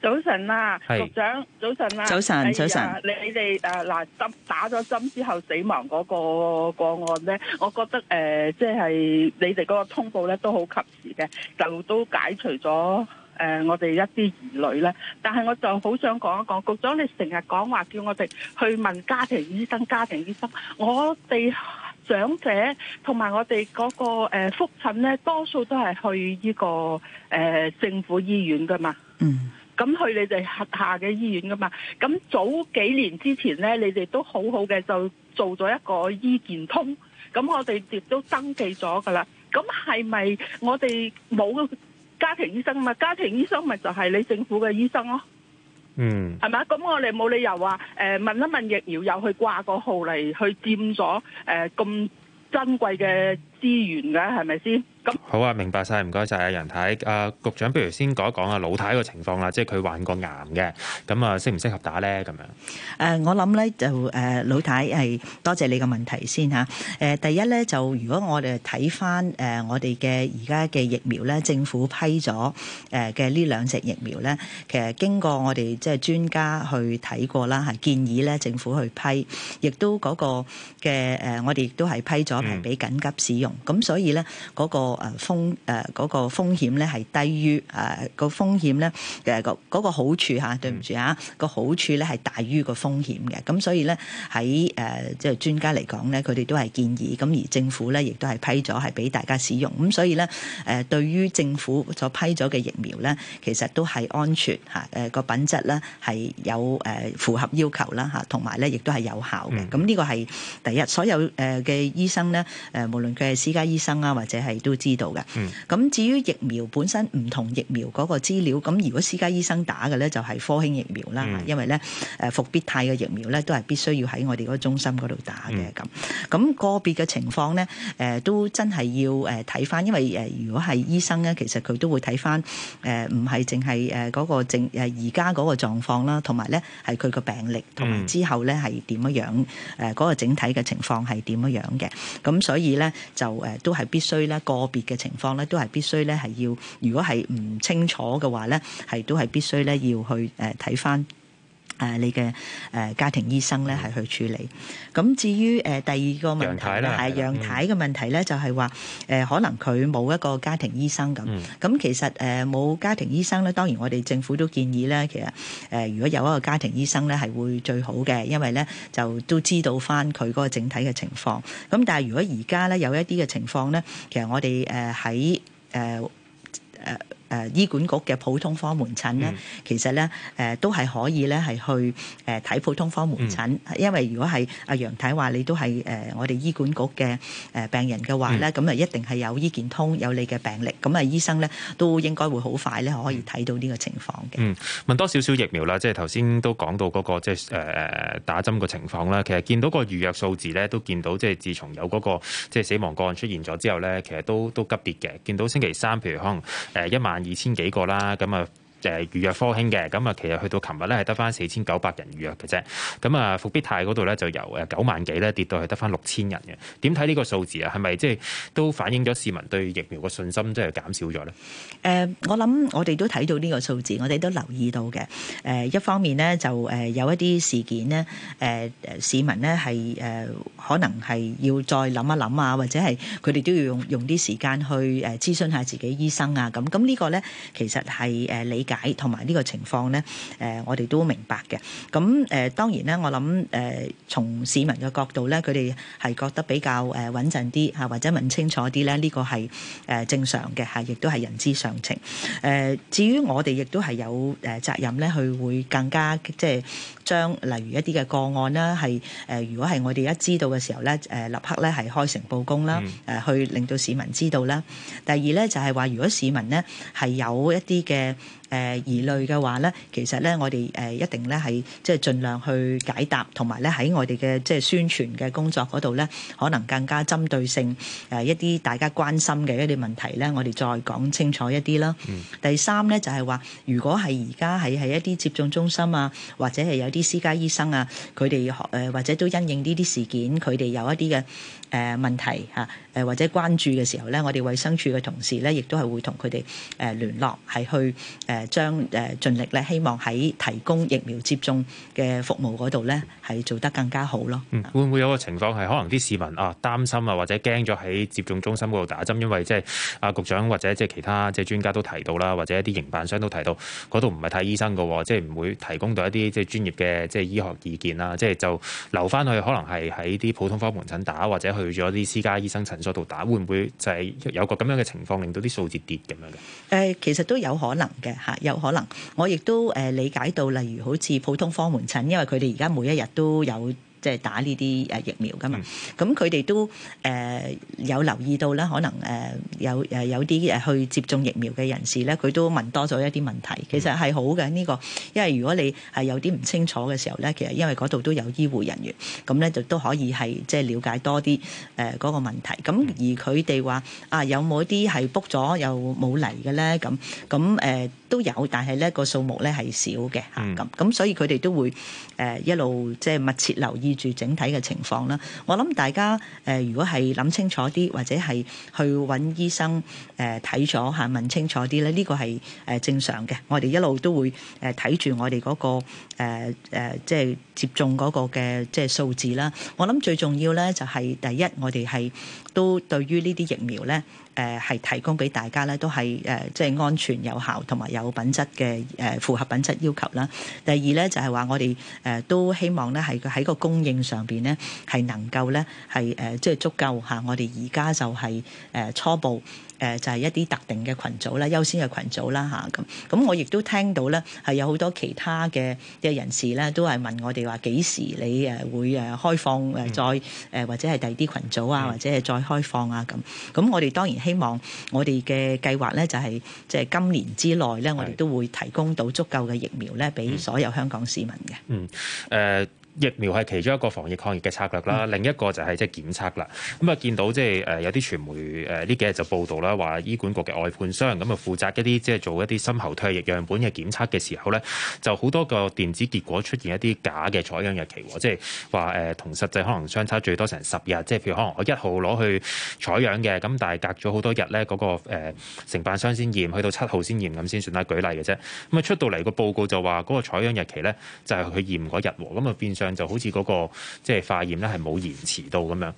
早晨啦、啊，係局長早晨啦，早晨、啊、早晨，你哋誒嗱針打咗針之後死亡嗰個個案咧，我覺得誒即係你哋嗰個通報咧都好及時嘅，就都解除咗。誒，我哋一啲兒女咧，但係我就好想講一講，局長你成日講話叫我哋去問家庭醫生，家庭醫生，我哋長者同埋我哋嗰個誒覆診咧，多數都係去呢個誒政府醫院噶嘛。嗯。咁去你哋轄下嘅醫院噶嘛？咁早幾年之前咧，你哋都好好嘅就做咗一個醫健通，咁我哋亦都登記咗噶啦。咁係咪我哋冇？家庭醫生嘛，家庭醫生咪就係你政府嘅醫生咯，嗯，係咪？咁我哋冇理由話誒問一問疫苗又去掛個號嚟去佔咗誒咁珍貴嘅資源嘅係咪先？是好啊，明白曬，唔該曬啊楊太啊，局長，不如先講一講啊老太個情況啦，即係佢患過癌嘅，咁啊，適唔適合打咧？咁樣誒，我諗咧就誒老太係多謝你個問題先嚇誒。第一咧就如果我哋睇翻誒我哋嘅而家嘅疫苗咧，政府批咗誒嘅呢兩隻疫苗咧，其實經過我哋即係專家去睇過啦，係建議咧政府去批，亦都嗰個嘅誒，我哋亦都係批咗俾緊急使用，咁所以咧嗰個。誒，風誒，呃嗰個風險咧係低於誒、呃嗰個風險咧，誒、呃嗰個嗰好處吓，對唔住啊，個好處咧係、啊啊嗰個、大於個風險嘅。咁所以咧喺誒即係專家嚟講咧，佢哋都係建議，咁而政府咧亦都係批咗，係俾大家使用。咁所以咧誒、呃，對於政府所批咗嘅疫苗咧，其實都係安全吓，誒、啊嗰個品質咧係有誒、呃、符合要求啦吓，同埋咧亦都係有效嘅。咁呢、嗯、個係第一，所有誒嘅醫生咧，誒、呃、無論佢係私家醫生啊，或者係都。知道嘅，咁、嗯、至於疫苗本身唔同疫苗嗰個資料，咁如果私家醫生打嘅咧，就係科興疫苗啦，因為咧誒復必泰嘅疫苗咧都係必須要喺我哋嗰中心嗰度打嘅。咁，咁個別嘅情況咧誒都真係要誒睇返，因為誒如果係醫生咧，其實佢都會睇返誒唔係淨係誒嗰個症而家嗰個狀況啦，同埋咧係佢個病歷，同埋之後咧係點樣樣誒嗰個整體嘅情況係點樣樣嘅，咁所以咧就誒都係必須咧個。別嘅情況咧，都係必須咧，係要如果係唔清楚嘅話咧，係都係必須咧，要去誒睇翻。誒你嘅誒家庭醫生咧係去處理，咁、嗯、至於誒第二個問題咧，係楊太嘅問題咧，就係話誒可能佢冇一個家庭醫生咁，咁、嗯、其實誒冇家庭醫生咧，當然我哋政府都建議咧，其實誒如果有一個家庭醫生咧係會最好嘅，因為咧就都知道翻佢嗰個整體嘅情況。咁但係如果而家咧有一啲嘅情況咧，其實我哋誒喺誒，呃誒醫管局嘅普通科門診咧，其實咧誒都係可以咧，係去誒睇普通科門診，因為如果係阿楊太話你都係誒我哋醫管局嘅誒病人嘅話咧，咁啊一定係有醫健通有你嘅病歷，咁啊醫生咧都應該會好快咧可以睇到呢個情況嘅。嗯，問多少少疫苗啦，即係頭先都講到嗰個即係誒打針嘅情況啦。其實見到個預約數字咧，都見到即係自從有嗰個即係死亡個案出現咗之後咧，其實都都急跌嘅。見到星期三譬如可能誒一萬。二千幾個啦，咁啊。誒預約科興嘅，咁啊其實去到琴日咧係得返四千九百人預約嘅啫，咁啊復必泰嗰度咧就由誒九萬幾咧跌到係得返六千人嘅。點睇呢個數字啊？係咪即係都反映咗市民對疫苗嘅信心即係減少咗咧？誒、呃，我諗我哋都睇到呢個數字，我哋都留意到嘅。誒，一方面咧就誒有一啲事件咧，誒、呃、誒市民咧係誒可能係要再諗一諗啊，或者係佢哋都要用用啲時間去誒諮詢下自己醫生啊。咁咁呢個咧其實係誒理呃解同埋呢個情況咧，誒、呃、我哋都明白嘅。咁誒、呃、當然咧，我諗誒從市民嘅角度咧，佢哋係覺得比較誒穩陣啲嚇，或者問清楚啲咧，呢、這個係誒正常嘅，係亦都係人之常情。誒、呃、至於我哋亦都係有誒責任咧，佢會更加即係。將例如一啲嘅個案啦，係誒、呃，如果係我哋一知道嘅時候咧，誒、呃，立刻咧係開誠布公啦，誒，mm. 去令到市民知道啦。第二咧就係、是、話，如果市民咧係有一啲嘅誒疑慮嘅話咧，其實咧我哋誒一定咧係即係盡量去解答，同埋咧喺我哋嘅即係宣傳嘅工作嗰度咧，可能更加針對性誒、呃、一啲大家關心嘅一啲問題咧，我哋再講清楚一啲啦。Mm. 第三咧就係、是、話，如果係而家係喺一啲接種中心啊，或者係有。啲私家醫生啊，佢哋學誒或者都因應呢啲事件，佢哋有一啲嘅誒問題吓。誒或者關注嘅時候咧，我哋衛生署嘅同事咧，亦都係會同佢哋誒聯絡，係去誒將誒盡力咧，希望喺提供疫苗接種嘅服務嗰度咧，係做得更加好咯。嗯，會唔會有個情況係可能啲市民啊擔心啊或者驚咗喺接種中心嗰度打針，因為即係啊局長或者即係其他即係專家都提到啦，或者一啲營辦商都提到嗰度唔係睇醫生㗎喎，即係唔會提供到一啲即係專業嘅即係醫學意見啦，即係就留翻去可能係喺啲普通科門診打，或者去咗啲私家醫生診。在度打會唔會就係有個咁樣嘅情況，令到啲數字跌咁樣嘅？誒，其實都有可能嘅，吓，有可能。我亦都誒理解到，例如好似普通科門診，因為佢哋而家每一日都有。即係打呢啲誒疫苗㗎嘛，咁佢哋都誒有留意到咧，可能誒有誒有啲誒去接種疫苗嘅人士咧，佢都問多咗一啲問題。其實係好嘅呢個，因為如果你係有啲唔清楚嘅時候咧，其實因為嗰度都有醫護人員，咁咧就都可以係即係了解多啲誒嗰個問題。咁而佢哋話啊，有冇啲係 book 咗又冇嚟嘅咧？咁咁誒都有，但係咧個數目咧係少嘅吓。咁。咁所以佢哋都會誒一路即係密切留意。住整體嘅情況啦，我諗大家誒，如果係諗清楚啲，或者係去揾醫生誒睇咗下，問清楚啲咧，呢個係誒正常嘅。我哋一路都會誒睇住我哋嗰個誒即係接種嗰個嘅即係數字啦。我諗最重要咧，就係第一，我哋係都對於呢啲疫苗咧。誒係、呃、提供俾大家咧，都係誒即係安全有效同埋有品質嘅誒、呃，符合品質要求啦。第二咧就係、係、話，我哋誒都希望咧係喺個供應上邊咧係能夠咧係誒即係足夠嚇。我哋而家就係、係、誒、呃、初步。誒就係一啲特定嘅群組啦，優先嘅群組啦嚇咁。咁、啊、我亦都聽到咧，係有好多其他嘅嘅人士咧，都係問我哋話幾時你誒會誒開放誒再誒、嗯、或者係第二啲群組啊，嗯、或者係再開放啊咁。咁我哋當然希望我哋嘅計劃咧、就係，就係即係今年之內咧，我哋都會提供到足夠嘅疫苗咧，俾所有香港市民嘅。嗯誒。呃疫苗係其中一個防疫抗疫嘅策略啦，另一個就係即係檢測啦。咁啊，見到即係誒有啲傳媒誒呢幾日就報道啦，話醫管局嘅外判商咁啊負責一啲即係做一啲深喉唾液樣本嘅檢測嘅時候咧，就好多個電子結果出現一啲假嘅採樣日期喎，即係話誒同實際可能相差最多成十日，即係譬如可能我一號攞去採樣嘅，咁但係隔咗好多日咧嗰個、呃、承辦商先驗，去到七號先驗咁先算啦。舉例嘅啫，咁啊出到嚟個報告就話嗰個採樣日期咧就係佢驗嗰日喎，咁啊變。就好似嗰個即係化驗咧，係冇延遲到咁樣，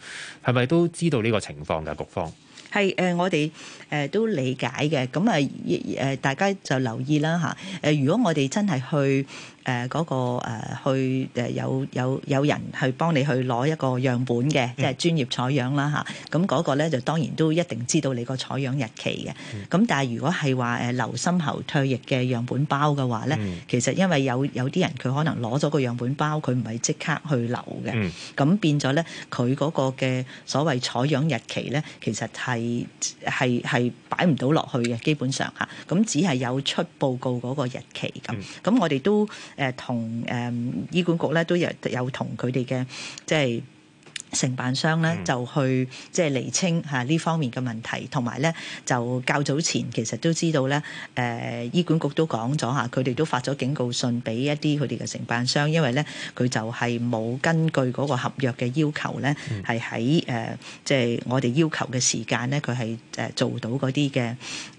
係咪都知道呢個情況㗎？局方係誒，我哋誒都理解嘅。咁啊誒大家就留意啦吓誒，如果我哋真係去。誒嗰、呃那個、呃、去誒、呃、有有有人去幫你去攞一個樣本嘅，mm. 即係專業採樣啦嚇。咁嗰個咧就當然都一定知道你個採樣日期嘅。咁、mm. 但係如果係話誒留深喉唾液嘅樣本包嘅話咧，mm. 其實因為有有啲人佢可能攞咗個樣本包，佢唔係即刻去留嘅。咁、mm. 變咗咧，佢嗰個嘅所謂採樣日期咧，其實係係係擺唔到落去嘅，基本上咁、啊、只係有出報告嗰個日期咁。咁、mm. 我哋都。同誒、呃嗯、醫管局咧都有有同佢哋嘅即係承辦商咧，就去即係釐清吓呢方面嘅問題，同埋咧就較早前其實都知道咧，誒、呃、醫管局都講咗吓，佢哋都發咗警告信俾一啲佢哋嘅承辦商，因為咧佢就係冇根據嗰個合約嘅要求咧，係喺即係我哋要求嘅時間咧，佢係做到嗰啲嘅。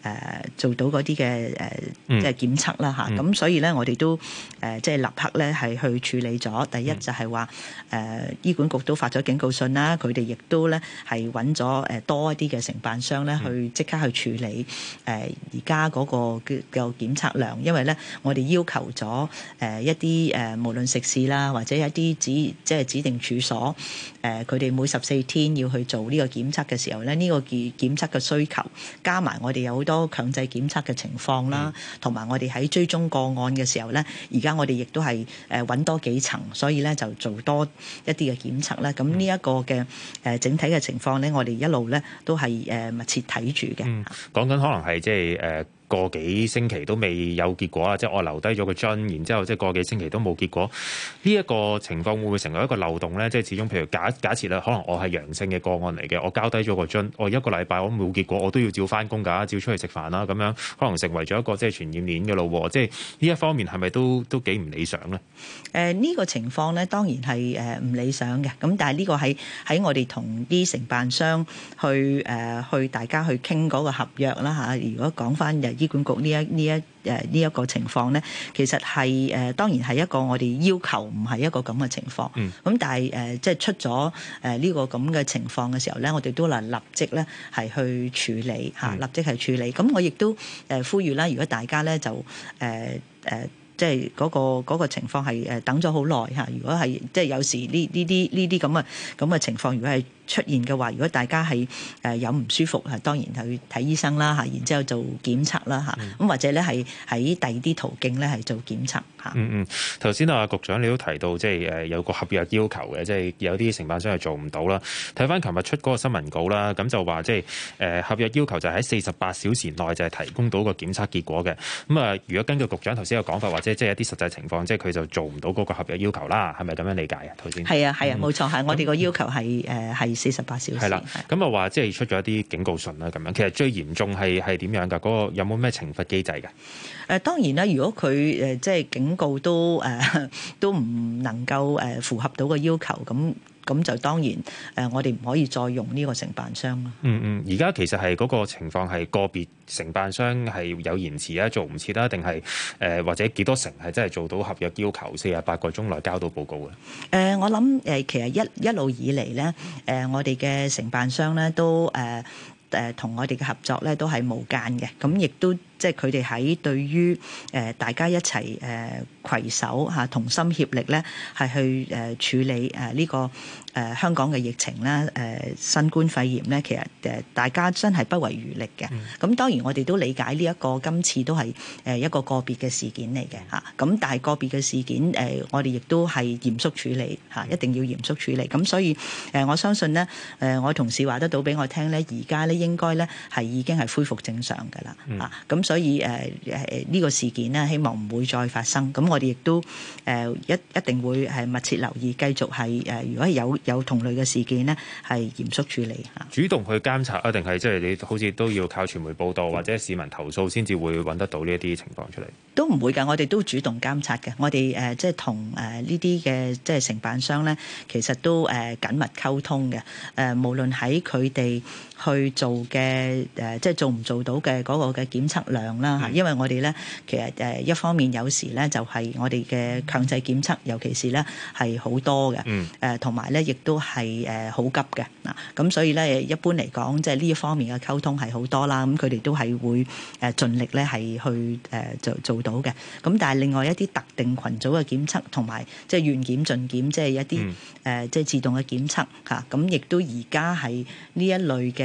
誒做到嗰啲嘅誒即係檢測啦嚇，咁、嗯啊、所以咧我哋都誒、呃、即係立刻咧係去處理咗。第一就係話誒醫管局都發咗警告信啦，佢哋亦都咧係揾咗誒多一啲嘅承辦商咧去即刻去處理誒而家嗰個嘅嘅、嗰個、檢測量，因為咧我哋要求咗誒一啲誒、呃、無論食肆啦，或者一啲指即係指定處所，誒，佢哋每十四天要去做呢個檢測嘅時候咧，呢、這個檢檢測嘅需求加埋我哋有好多強制檢測嘅情況啦，同埋、嗯、我哋喺追蹤個案嘅時候咧，而家我哋亦都係誒揾多幾層，所以咧就做多一啲嘅檢測啦。咁呢一個嘅誒整體嘅情況咧，我哋一路咧都係誒密切睇住嘅。講緊、嗯、可能係即係誒。呃個幾星期都未有結果啊！即係我留低咗個樽，然之後即係個幾星期都冇結果。呢、這、一個情況會唔會成為一個漏洞呢？即係始終譬如假假設啦，可能我係陽性嘅個案嚟嘅，我交低咗個樽，我一個禮拜我冇結果，我都要照翻工㗎，照出去食飯啦。咁樣可能成為咗一個即係傳染鏈嘅咯喎。即係呢一方面係咪都都幾唔理想呢？誒、呃，呢、這個情況呢，當然係誒唔理想嘅。咁但係呢個喺喺我哋同啲承辦商去誒、呃、去大家去傾嗰個合約啦嚇、啊。如果講翻醫管局呢一呢一誒呢一個情況咧，其實係誒當然係一個我哋要求唔係一個咁嘅情況。咁、嗯、但係誒即係出咗誒呢個咁嘅情況嘅時候咧，我哋都能立即咧係去處理嚇，立即係處理。咁、嗯、我亦都誒呼籲啦，如果大家咧就誒誒即係嗰個嗰個情況係誒等咗好耐嚇，如果係即係有時呢呢啲呢啲咁嘅咁嘅情況，如果係出現嘅話，如果大家係誒有唔舒服，係當然去睇醫生啦嚇，然之後做檢測啦嚇，咁、嗯、或者咧係喺第二啲途徑咧係做檢測嚇、嗯。嗯嗯，頭先啊，局長你都提到即係誒有個合約要求嘅，即係有啲承辦商係做唔到啦。睇翻琴日出嗰個新聞稿啦，咁就話即係誒合約要求就喺四十八小時內就係提供到個檢測結果嘅。咁啊，如果根據局長頭先嘅講法，或者即係一啲實際情況，即係佢就做唔到嗰個合約要求啦，係咪咁樣理解剛才啊？頭先係啊係啊，冇錯，係、嗯、我哋個要求係誒係。嗯四十八小時，係啦，咁啊話即係出咗一啲警告信啦，咁樣其實最嚴重係係點樣㗎？嗰、那個有冇咩懲罰機制㗎？誒當然啦，如果佢誒即係警告都誒都唔能夠誒符合到個要求咁。咁就當然，誒我哋唔可以再用呢個承辦商啦。嗯嗯，而家其實係嗰個情況係個別承辦商係有延遲啊，做唔切啦，定係誒或者幾多成係真係做到合約要求四十八個鐘內交到報告嘅？誒，我諗誒其實一一路以嚟咧，誒我哋嘅承辦商咧都誒誒同我哋嘅合作咧都係無間嘅，咁亦都。即係佢哋喺對於誒大家一齊誒攜手嚇同心協力咧，係去誒處理誒呢個誒香港嘅疫情咧誒新冠肺炎咧，其實誒大家真係不遺餘力嘅。咁當然我哋都理解呢一個今次都係誒一個個別嘅事件嚟嘅嚇。咁但係個別嘅事件誒，我哋亦都係嚴肅處理嚇，一定要嚴肅處理。咁所以誒，我相信咧誒，我同事話得到俾我聽咧，而家咧應該咧係已經係恢復正常㗎啦嚇。咁所以誒誒呢個事件咧，希望唔會再發生。咁我哋亦都誒、呃、一一定會係密切留意，繼續係誒、呃，如果係有有同類嘅事件咧，係嚴肅處理嚇。主動去監察啊，定係即係你好似都要靠傳媒報道或者市民投訴先至會揾得到呢一啲情況出嚟？都唔會㗎，我哋都主動監察嘅。我哋誒、呃、即係同誒呢啲嘅即係承辦商咧，其實都誒緊、呃、密溝通嘅。誒、呃、無論喺佢哋去做嘅誒、呃、即係做唔做到嘅個嘅檢測量啦吓，嗯、因為我哋咧其實誒一方面有時咧就係我哋嘅強制檢測，尤其是咧係好多嘅嗯誒同埋咧亦都係誒好急嘅嗱，咁、啊、所以咧一般嚟講即係呢一方面嘅溝通係好多啦，咁佢哋都係會誒盡力咧係去誒做做到嘅。咁但係另外一啲特定群組嘅檢測同埋即係願檢盡檢即係一啲誒、嗯呃、即係自動嘅檢測吓，咁、啊、亦都而家係呢一類嘅。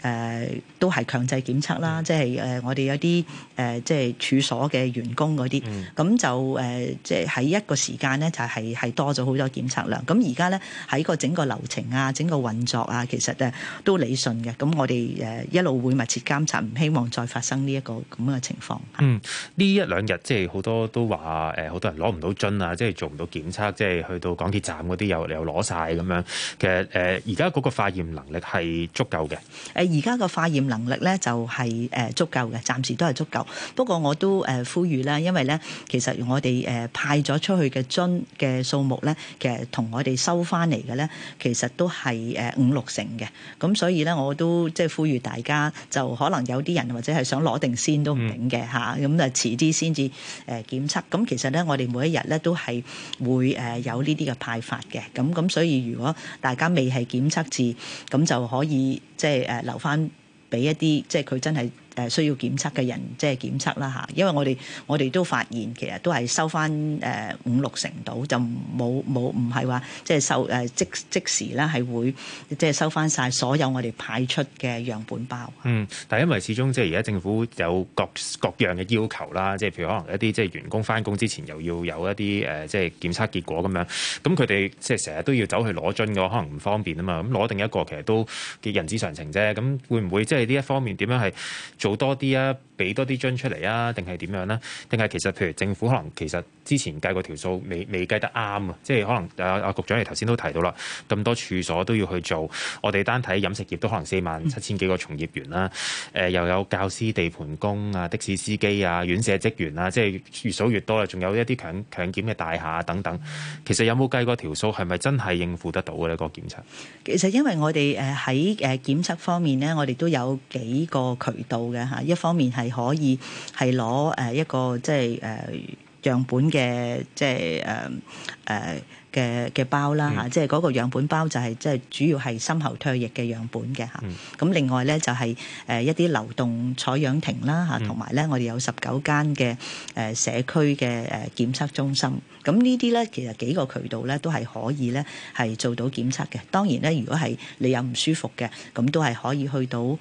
誒、呃、都係強制檢測啦，嗯、即係誒我哋有啲誒、呃、即係處所嘅員工嗰啲，咁、嗯、就誒、呃、即係喺一個時間咧就係、係、係多咗好多檢測量。咁而家咧喺個整個流程啊、整個運作啊，其實誒都理順嘅。咁我哋誒一路會密切監察，唔希望再發生呢一個咁嘅情況。嗯，呢一兩日即係好多都話誒，好、呃、多人攞唔到樽啊，即係做唔到檢測，即係去到港鐵站嗰啲又又攞晒。咁樣。其實誒而家嗰個化驗能力係足夠嘅。誒。而家嘅化驗能力咧就係誒足夠嘅，暫時都係足夠，不過我都誒呼籲啦，因為咧其實我哋誒派咗出去嘅樽嘅數目咧其實同我哋收翻嚟嘅咧，其實，其實都係誒五六成嘅。咁所以咧，我都即係呼籲大家，就可能有啲人或者係想攞定先都唔定嘅吓，咁、嗯、啊遲啲先至誒檢測，咁其實咧，我哋每一日咧都係會誒有呢啲嘅派發嘅。咁咁所以如果大家未係檢測至，咁就可以即係誒。留。翻俾一啲，即係佢真係，誒需要檢測嘅人，即係檢測啦吓，因為我哋我哋都發現其實都係收翻誒五六成度就冇冇唔係話即係收誒即即時啦，係會即係收翻晒所有我哋派出嘅樣本包。嗯，但係因為始終即係而家政府有各各樣嘅要求啦，即係譬如可能一啲即係員工翻工之前又要有一啲誒即係檢測結果咁樣，咁佢哋即係成日都要走去攞樽嘅，可能唔方便啊嘛。咁攞定一個其實都嘅人之常情啫。咁會唔會即係呢一方面點樣係做？做多啲啊！俾多啲樽出嚟啊，定係點樣呢？定係其實譬如政府可能其實之前計過條數未未計得啱啊？即係可能阿阿局長你頭先都提到啦，咁多處所都要去做，我哋單睇飲食業都可能四萬七千幾個從業員啦、呃，又有教師、地盤工啊、的士司機啊、院舍職員啦，即係越數越多啦，仲有一啲強強檢嘅大廈等等，其實有冇計過條數係咪真係應付得到嘅呢？個檢測其實因為我哋喺誒檢測方面呢，我哋都有幾個渠道嘅吓，一方面係。可以係攞誒一個，即係誒樣本嘅即係誒誒。呃呃嘅嘅包啦吓，即係嗰個樣本包就係即係主要係深喉唾液嘅樣本嘅吓，咁、嗯、另外咧就係誒一啲流動採樣亭啦吓，同埋咧我哋有十九間嘅誒社區嘅誒檢測中心。咁呢啲咧其實幾個渠道咧都係可以咧係做到檢測嘅。當然咧，如果係你有唔舒服嘅，咁都係可以去到誒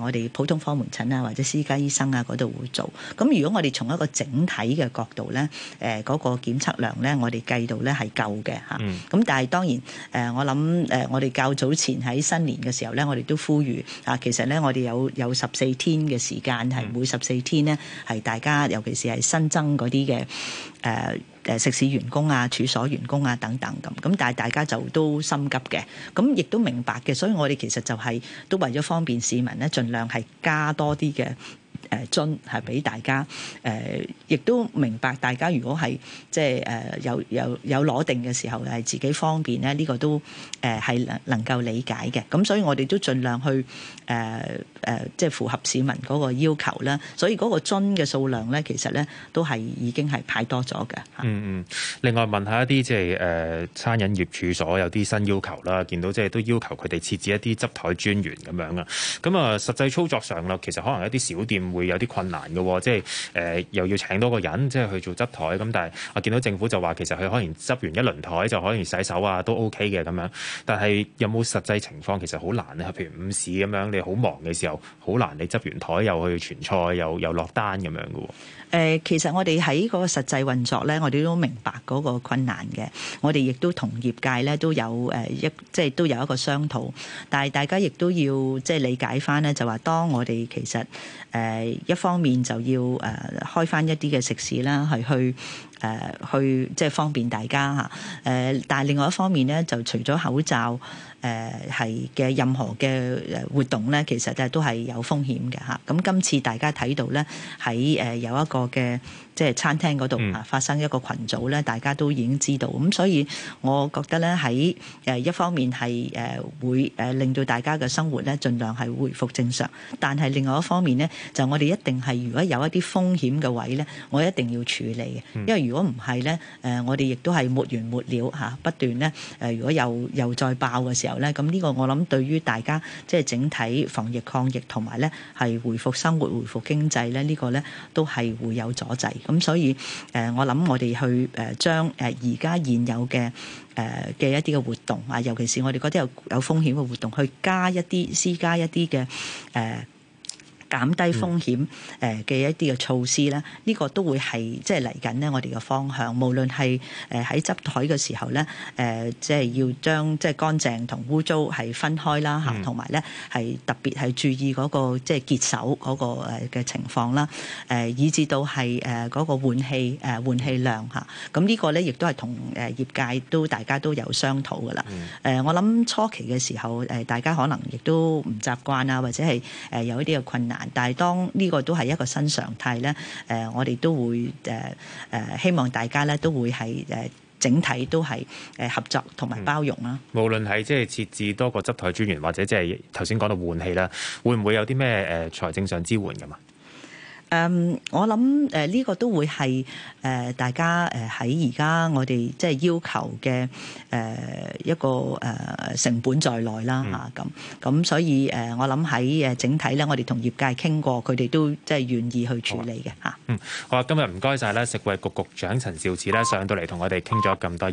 我哋普通科門診啊或者私家醫生啊嗰度會做。咁如果我哋從一個整體嘅角度咧，誒、那、嗰個檢測量咧，我哋計到咧係夠嘅。吓，咁、嗯、但係當然，誒、呃，我諗，誒，我哋較早前喺新年嘅時候咧，我哋都呼籲，啊，其實咧，我哋有有十四天嘅時間，係每十四天咧，係大家，尤其是係新增嗰啲嘅，誒，誒，食肆員工啊、處所員工啊等等咁，咁但係大家就都心急嘅，咁亦都明白嘅，所以我哋其實就係、是、都為咗方便市民咧，盡量係加多啲嘅。誒樽係俾大家誒，亦、呃、都明白大家如果係即係誒有有有攞定嘅時候係自己方便咧，呢、呢個都誒係能能夠理解嘅。咁所以我哋都盡量去。誒誒、呃呃，即係符合市民嗰個要求啦，所以嗰個樽嘅數量咧，其實咧都係已經係派多咗嘅。嗯嗯，另外問下一啲即係誒餐飲業處所有啲新要求啦，見到即係都要求佢哋設置一啲執枱專員咁樣啊。咁啊，實際操作上啦，其實可能一啲小店會有啲困難嘅，即係誒、呃、又要請多個人即係去做執枱。咁但係我見到政府就話，其實佢可能執完一輪枱就可以洗手啊都 OK 嘅咁樣。但係有冇實際情況其實好難啊？譬如午市咁樣好忙嘅時候，好難你執完台又去傳菜又又落單咁樣嘅。誒、呃，其實我哋喺嗰個實際運作咧，我哋都明白嗰個困難嘅。我哋亦都同業界咧都有誒一、呃、即係都有一個商討，但係大家亦都要即係理解翻咧，就話當我哋其實誒、呃、一方面就要誒、呃、開翻一啲嘅食肆啦，係去誒、呃、去即係方便大家吓。誒、啊，但係另外一方面咧，就除咗口罩。誒，係嘅、呃、任何嘅活動咧，其實都係有風險嘅吓，咁今次大家睇到咧，喺誒、呃、有一個嘅。即係餐廳嗰度啊，發生一個群組咧，嗯、大家都已經知道咁，所以我覺得咧喺一方面係誒會誒令到大家嘅生活咧，盡量係恢復正常，但係另外一方面咧，就我哋一定係如果有一啲風險嘅位咧，我一定要處理嘅，因為如果唔係咧，誒我哋亦都係沒完沒了嚇，不斷咧誒，如果又又再爆嘅時候咧，咁呢個我諗對於大家即係、即係、整體防疫抗疫同埋咧係恢復生活、恢復經濟咧，呢、呢個咧都係會有阻滯。咁、嗯、所以，誒、呃，我諗我哋去誒，將誒而家現有嘅誒嘅一啲嘅活動啊，尤其是我哋嗰啲有有風險嘅活動，去加一啲私加一啲嘅誒，呃減低風險誒嘅一啲嘅措施咧，呢、嗯、個都會係即係嚟緊咧，就是、緊我哋嘅方向，無論係誒喺執枱嘅時候咧，誒即係要將即係乾淨同污糟係分開啦嚇，同埋咧係特別係注意嗰、那個即係潔手嗰、那個嘅、呃、情況啦，誒、呃、以至到係誒嗰個換氣誒換氣量嚇，咁、啊這個、呢個咧亦都係同誒業界都大家都有商討㗎喇。誒、嗯呃、我諗初期嘅時候誒、呃、大家可能亦都唔習慣啊，或者係誒有一啲嘅困難。但係當呢個都係一個新常態咧，誒、呃，我哋都會誒誒、呃，希望大家咧都會係誒整體都係誒合作同埋包容啦、嗯。無論係即係設置多個執台專員，或者即係頭先講到換氣啦，會唔會有啲咩誒財政上支援㗎嘛？誒，um, 我諗誒呢個都會係誒、呃、大家誒喺而家我哋即係要求嘅誒、呃、一個誒、呃、成本在內啦嚇咁。咁、啊啊啊、所以誒、呃、我諗喺誒整體咧，我哋同業界傾過，佢哋都即係願意去處理嘅嚇。吧啊、嗯，好啊，今日唔該晒啦。食衞局局長陳兆智陳肇始咧上到嚟同我哋傾咗咁多。